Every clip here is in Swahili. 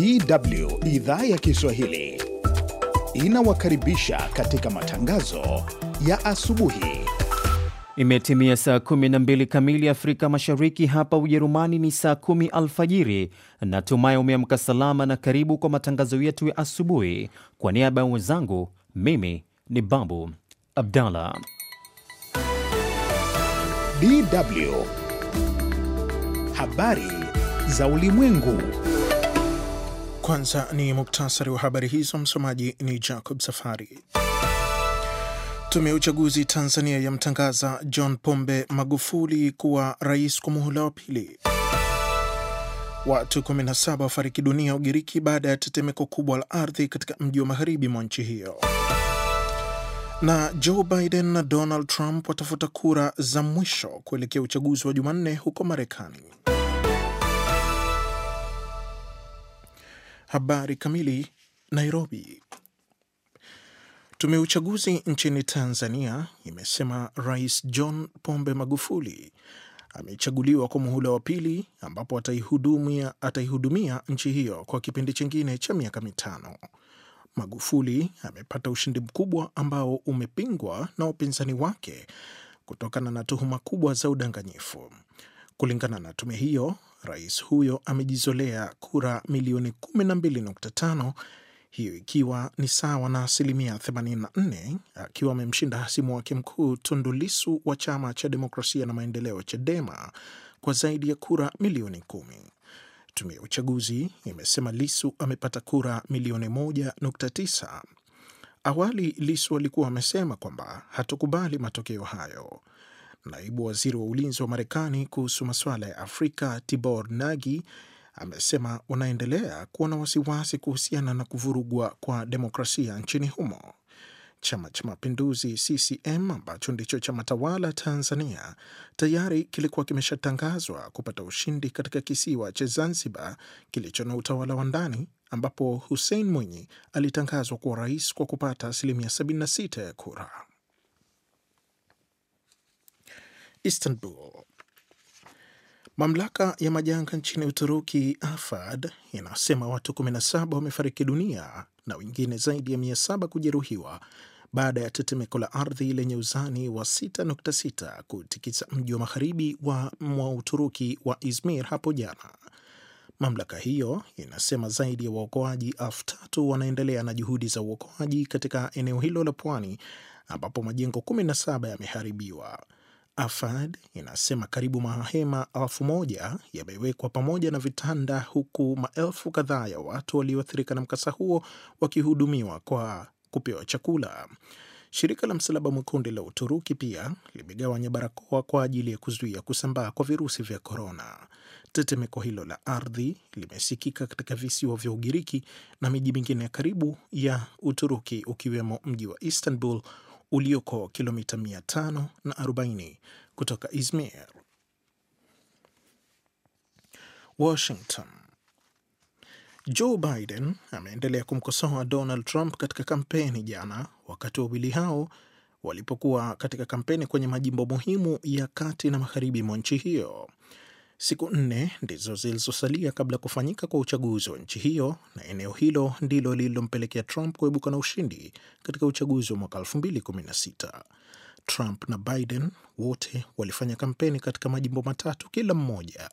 DW idhaa ya Kiswahili inawakaribisha katika matangazo ya asubuhi. Imetimia saa 12 kamili Afrika Mashariki, hapa Ujerumani ni saa 10 alfajiri. Natumai umeamka salama na karibu kwa matangazo yetu ya asubuhi. Kwa niaba ya wenzangu, mimi ni Babu Abdallah. DW habari za ulimwengu. Kwanza ni muktasari wa habari hizo. Msomaji ni Jacob Safari. Tume ya uchaguzi Tanzania yamtangaza John Pombe Magufuli kuwa rais kwa muhula wa pili. Watu 17 wafariki dunia Ugiriki baada ya tetemeko kubwa la ardhi katika mji wa magharibi mwa nchi hiyo. Na Joe Biden na Donald Trump watafuta kura za mwisho kuelekea uchaguzi wa Jumanne huko Marekani. Habari kamili. Nairobi. Tume ya uchaguzi nchini Tanzania imesema Rais John Pombe Magufuli amechaguliwa kwa muhula wa pili ambapo ataihudumia, ataihudumia nchi hiyo kwa kipindi chingine cha miaka mitano. Magufuli amepata ushindi mkubwa ambao umepingwa na wapinzani wake kutokana na tuhuma kubwa za udanganyifu. Kulingana na tume hiyo, rais huyo amejizolea kura milioni 12.5, hiyo ikiwa ni sawa na asilimia 84, akiwa amemshinda hasimu wake mkuu Tundu Lissu wa chama cha demokrasia na maendeleo CHADEMA kwa zaidi ya kura milioni kumi. Tume ya uchaguzi imesema Lisu amepata kura milioni 1.9. Awali Lisu alikuwa amesema kwamba hatukubali matokeo hayo. Naibu waziri wa ulinzi wa Marekani kuhusu masuala ya Afrika Tibor Nagi amesema wanaendelea kuwa na wasiwasi kuhusiana na kuvurugwa kwa demokrasia nchini humo. Chama cha Mapinduzi CCM ambacho ndicho chama tawala Tanzania tayari kilikuwa kimeshatangazwa kupata ushindi katika kisiwa cha Zanzibar kilicho na utawala wa ndani ambapo Hussein Mwinyi alitangazwa kuwa rais kwa kupata asilimia 76 ya kura. Istanbul. Mamlaka ya majanga nchini Uturuki, AFAD, inasema watu 17 wamefariki dunia na wengine zaidi ya 700 kujeruhiwa baada ya tetemeko la ardhi lenye uzani wa 6.6 kutikisa mji wa magharibi wa mwa Uturuki wa Izmir hapo jana. Mamlaka hiyo inasema zaidi ya waokoaji elfu tatu wanaendelea na juhudi za uokoaji katika eneo hilo la pwani ambapo majengo 17 yameharibiwa. AFAD inasema karibu mahema elfu moja yamewekwa pamoja na vitanda huku maelfu kadhaa ya watu walioathirika na mkasa huo wakihudumiwa kwa kupewa chakula. Shirika la Msalaba Mwekundu la Uturuki pia limegawanya barakoa kwa ajili ya kuzuia kusambaa kwa virusi vya korona. Tetemeko hilo la ardhi limesikika katika visiwa vya Ugiriki na miji mingine ya karibu ya Uturuki, ukiwemo mji wa Istanbul ulioko kilomita 540 kutoka Izmir. Washington. Joe Biden ameendelea kumkosoa Donald Trump katika kampeni jana, wakati wawili hao walipokuwa katika kampeni kwenye majimbo muhimu ya kati na magharibi mwa nchi hiyo. Siku nne ndizo zilizosalia kabla ya kufanyika kwa uchaguzi wa nchi hiyo, na eneo hilo ndilo lililompelekea Trump kuibuka na ushindi katika uchaguzi wa mwaka 2016. Trump na Biden wote walifanya kampeni katika majimbo matatu kila mmoja,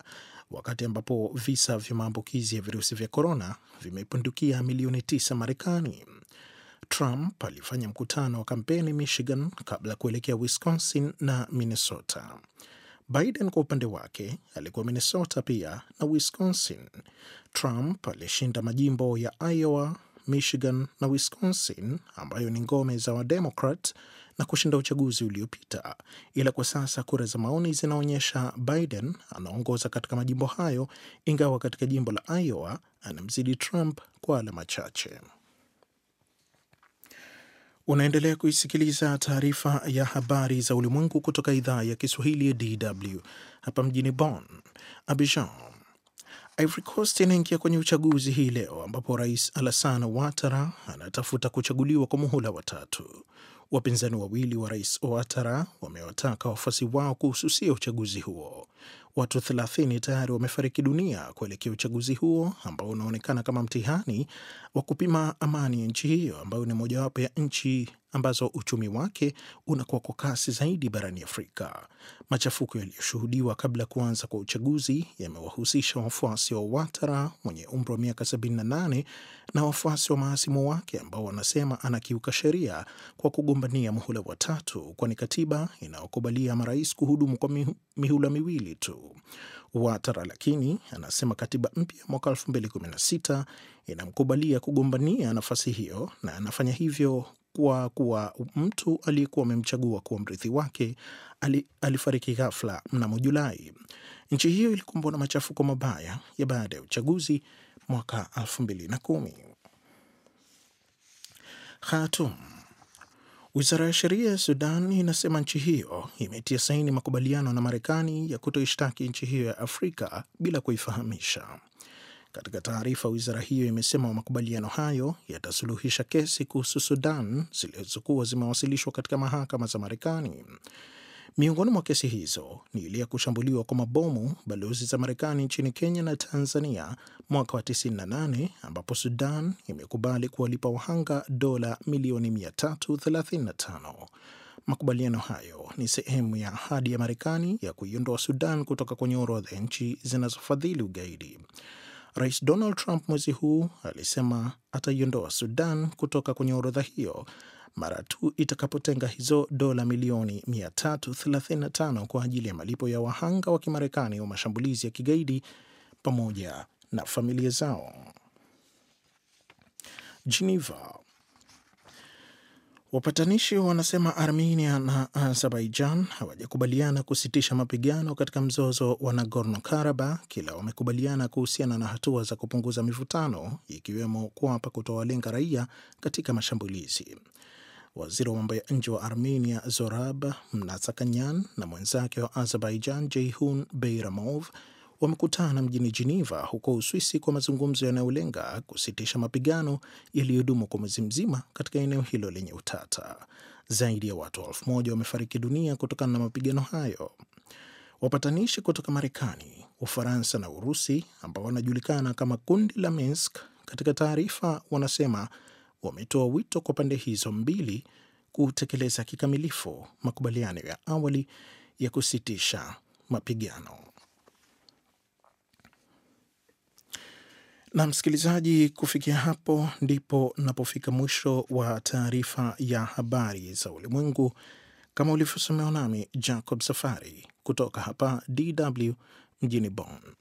wakati ambapo visa vya maambukizi ya virusi vya korona vimepindukia milioni tisa Marekani. Trump alifanya mkutano wa kampeni Michigan kabla ya kuelekea Wisconsin na Minnesota. Biden kwa upande wake alikuwa Minnesota pia na Wisconsin. Trump alishinda majimbo ya Iowa, Michigan na Wisconsin ambayo ni ngome za Wademokrat na kushinda uchaguzi uliopita, ila kwa sasa kura za maoni zinaonyesha Biden anaongoza katika majimbo hayo, ingawa katika jimbo la Iowa anamzidi Trump kwa alama chache. Unaendelea kuisikiliza taarifa ya habari za ulimwengu kutoka idhaa ya Kiswahili ya DW hapa mjini Bonn. Abidjan, Ivory Coast inaingia kwenye uchaguzi hii leo ambapo Rais Alassane Ouattara anatafuta kuchaguliwa kwa muhula watatu. Wapinzani wawili wa rais Ouattara wamewataka wafuasi wao kuhususia uchaguzi huo. Watu 30 tayari wamefariki dunia kuelekea uchaguzi huo ambao unaonekana kama mtihani wa kupima amani ya nchi hiyo ambayo ni mojawapo ya nchi ambazo uchumi wake unakuwa kwa kasi zaidi barani Afrika. Machafuko yaliyoshuhudiwa kabla ya kuanza kwa uchaguzi yamewahusisha wafuasi wa Watara mwenye umri wa miaka 78 na wafuasi wa mahasimu wake ambao wanasema anakiuka sheria kwa kugombania muhula wa tatu, kwani katiba inayokubalia marais kuhudumu kwa mihula miwili tu. Watara lakini anasema katiba mpya mwaka 2016 inamkubalia kugombania nafasi hiyo na anafanya hivyo kwa kuwa mtu aliyekuwa amemchagua kuwa mrithi wake alifariki ghafla mnamo Julai. Nchi hiyo ilikumbwa na machafuko mabaya ya baada ya uchaguzi mwaka 2010. Khartoum. Wizara ya sheria ya Sudan inasema nchi hiyo imetia saini makubaliano na Marekani ya kutoishtaki nchi hiyo ya Afrika bila kuifahamisha. Katika taarifa, wizara hiyo imesema makubaliano hayo yatasuluhisha kesi kuhusu Sudan zilizokuwa zimewasilishwa katika mahakama za Marekani. Miongoni mwa kesi hizo ni ile ya kushambuliwa kwa mabomu balozi za Marekani nchini Kenya na Tanzania mwaka wa 98 ambapo Sudan imekubali kuwalipa wahanga dola milioni 335. Makubaliano hayo ni sehemu ya ahadi ya Marekani ya kuiondoa Sudan kutoka kwenye orodha ya nchi zinazofadhili ugaidi. Rais Donald Trump mwezi huu alisema ataiondoa Sudan kutoka kwenye orodha hiyo mara tu itakapotenga hizo dola milioni 335 kwa ajili ya malipo ya wahanga wa Kimarekani wa mashambulizi ya kigaidi pamoja na familia zao. Geneva Wapatanishi wanasema Armenia na Azerbaijan hawajakubaliana kusitisha mapigano katika mzozo wa Nagorno Karabakh, kila wamekubaliana kuhusiana na hatua za kupunguza mivutano, ikiwemo kuapa kutowalenga raia katika mashambulizi. Waziri wa mambo ya nje wa Armenia Zorab Mnatsakanyan na mwenzake wa Azerbaijan jeihun beiramov wamekutana mjini Geneva huko Uswisi kwa mazungumzo yanayolenga kusitisha mapigano yaliyodumu kwa mwezi mzima katika eneo hilo lenye utata. Zaidi ya watu elfu moja wamefariki dunia kutokana na mapigano hayo. Wapatanishi kutoka Marekani, Ufaransa na Urusi ambao wanajulikana kama kundi la Minsk, katika taarifa wanasema wametoa wito kwa pande hizo mbili kutekeleza kikamilifu makubaliano ya awali ya kusitisha mapigano. Na msikilizaji, kufikia hapo ndipo napofika mwisho wa taarifa ya habari za ulimwengu kama ulivyosomewa nami Jacob Safari kutoka hapa DW mjini Bonn.